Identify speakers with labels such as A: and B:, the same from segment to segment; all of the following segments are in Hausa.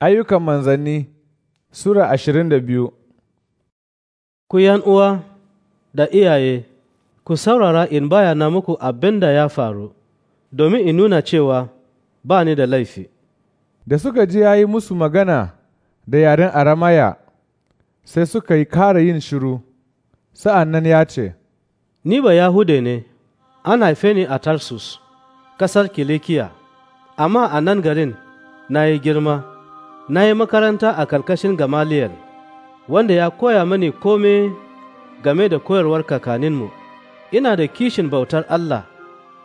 A: Ayyukan manzanni Sura ashirin da biyu Ku uwa da iyaye, ku saurara in baya na muku abin da ya
B: faru, domin in nuna cewa ba ni da laifi. Da suka ji ya yi musu magana da yaren aramaya, sai suka yi kara yin shiru, sa'an nan ya ce, Ni ba Yahude ne, an haife ni a
A: Tarsus, ƙasar Kilikiya, amma a nan garin na yi girma. na yi makaranta a karkashin gamaliyar. wanda ya koya mani kome game da koyarwar kakaninmu, ina da kishin bautar Allah,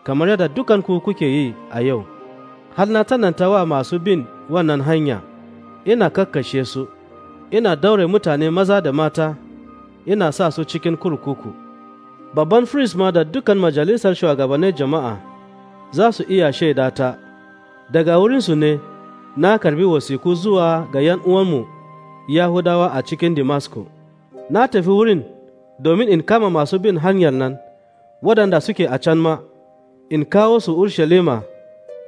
A: kamar yadda dukanku kuke yi a yau, har na tananta wa masu bin wannan hanya, ina kakkashe su, ina daure mutane maza da mata, ina sa su cikin kurkuku. Babban ma da dukan majalisar shugabannin jama'a za su iya shaidata, daga wurinsu ne. na karbi wasiku zuwa ga ‘yan uwanmu Yahudawa a cikin Damascus. Na tafi wurin domin in kama masu bin hanyar nan, waɗanda suke a can ma, in kawo su Urshalima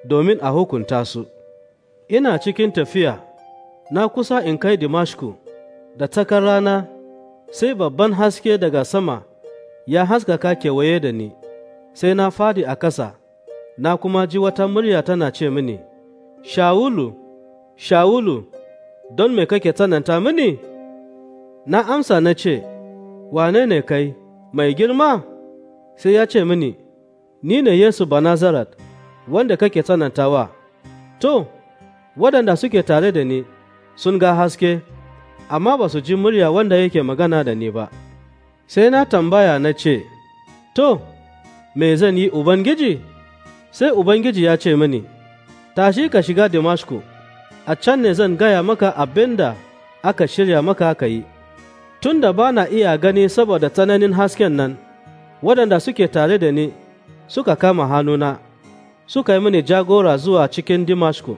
A: domin a hukunta su. Ina cikin tafiya, na kusa in kai Damascus da tsakar rana, sai babban haske daga sama ya haskaka kewaye da ni, sai na fadi a ƙasa, na kuma ji wata murya tana ce mini, Shawulu, Shawulu, don me kake tsananta mini? Na amsa na ce, Wane ne kai, mai girma? Sai ya ce mini, Ni ne Yesu Nazarat, wanda kake tsanantawa. To, waɗanda suke tare da ni sun ga haske, amma ba su ji murya wanda yake magana da ni ba. Sai na tambaya na ce, To, me zan yi Ubangiji? Sai Ubangiji ya ce mini, Tashi ka shiga Damascus. a can ne zan gaya maka abin da aka shirya maka ka yi, tun da ba na iya gani saboda tsananin hasken nan, waɗanda suke tare da ni suka kama hannuna, suka yi mini jagora zuwa cikin Dimashko.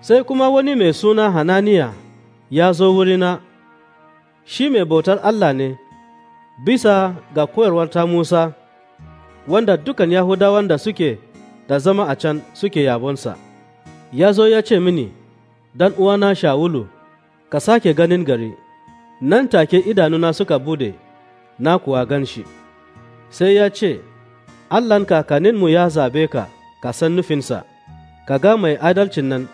A: Sai kuma wani mai suna Hananiya ya zo wurina, shi mai bautar Allah ne, bisa ga koyarwar ta Musa, wanda dukan Yahudawan da suke da zama a can suke yabonsa. Ya zo ya ce mini, dan uwana Shawulu, ka sake ganin gari, nan take idanuna suka bude, na kuwa gan shi. Sai ya ce, Allahn kakaninmu ya zabe ka, ka san nufinsa, ka ga mai adalcin nan,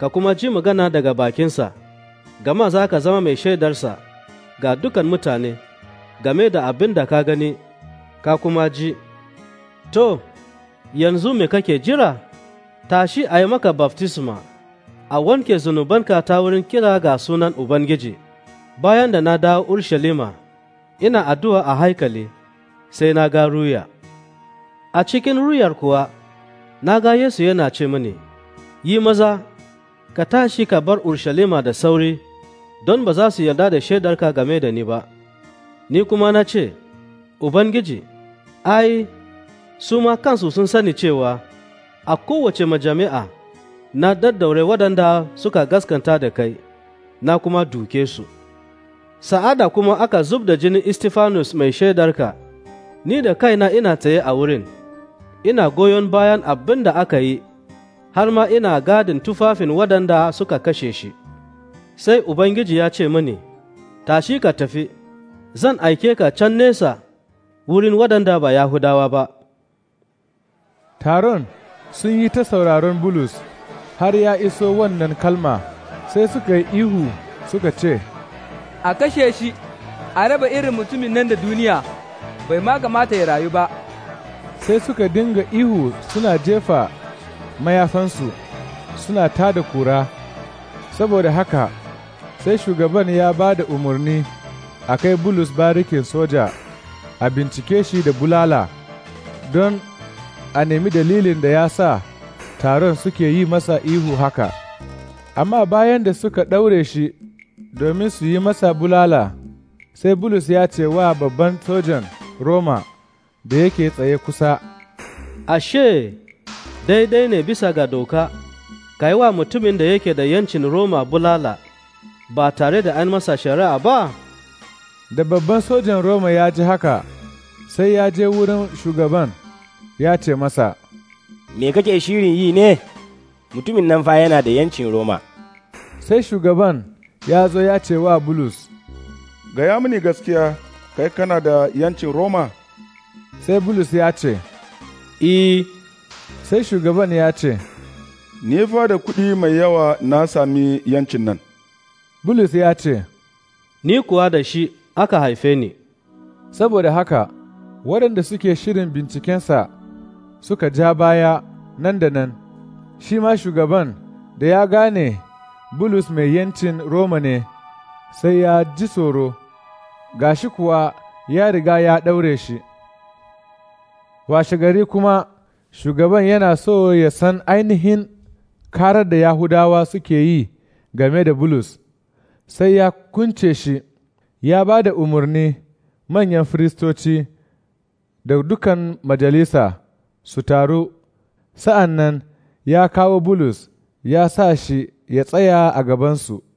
A: ka kuma ji magana daga bakinsa, gama za ka zama mai shaidarsa ga dukan mutane, game da abin da ka gani, ka kuma ji. To, yanzu me kake jira? Tashi a yi maka baftisma. a wanke zunubanka ta wurin kira ga sunan Ubangiji, bayan da na dawo Urshalima, ina addu'a a haikali, sai na ga ruya. A cikin ruyar kuwa, na ga Yesu yana ce mini, Yi maza, ka tashi ka bar Urshalima da sauri, don ba za su yarda da shaidarka game da ni ba. Ni kuma na ce, Ubangiji, ai, su ma kansu sun sani cewa, a kowace majami'a na daddaure waɗanda suka gaskanta da kai, na kuma duke su. Sa'ada kuma aka zub da jinin Istifanus mai shaidarka, ni da kaina ina tsaye a wurin, ina goyon bayan abin da aka yi, har ma ina gadin tufafin waɗanda suka kashe shi. Sai Ubangiji ya ce mini, Tashi ka tafi, zan aike ka can nesa wurin waɗanda ba Yahudawa ba.
B: Taron sun yi ta sauraron Bulus. har ya iso wannan kalma sai suka yi ihu suka ce,
A: A kashe shi, a raba irin mutumin nan da duniya, bai ma kamata ya rayu ba.
B: Sai suka dinga ihu suna jefa mayafansu, suna tada kura, saboda haka sai shugaban ya ba da umarni a kai bulus barikin soja a bincike shi da bulala don a nemi dalilin da ya sa taron suke yi masa ihu haka, amma bayan da suka ɗaure shi domin su yi masa bulala, sai Bulus ya ce wa babban sojan Roma da yake tsaye kusa,
A: Ashe, daidai ne bisa ga doka, ka wa mutumin da yake da yancin
B: Roma bulala
A: ba tare da an masa shari'a ba? Da
B: babban sojan Roma ya ji haka, sai ya je wurin shugaban, ya ce masa, me kake shirin yi ne? Mutumin nan fa yana da yancin Roma. Sai shugaban ya zo ya ce wa Bulus, Gaya mini gaskiya, kai kana da yancin Roma? Sai Bulus ya ce, I, e, sai shugaban ya ce, Ni fa da kuɗi mai yawa na sami yancin nan. Bulus ya ce, Ni kuwa da shi aka haife ni. Saboda haka, waɗanda suke shirin bincikensa suka ja baya nan da nan, shi ma shugaban da ya gane Bulus mai yancin Roma ne sai ya ji tsoro, shi kuwa ya riga ya ɗaure shi. washe gari kuma shugaban yana so ya san ainihin karar da Yahudawa suke yi game da Bulus, sai ya kunce shi, ya ba da umarni manyan firistoci da dukan majalisa. su taru, sa'an nan ya kawo Bulus ya sa shi ya tsaya a gabansu.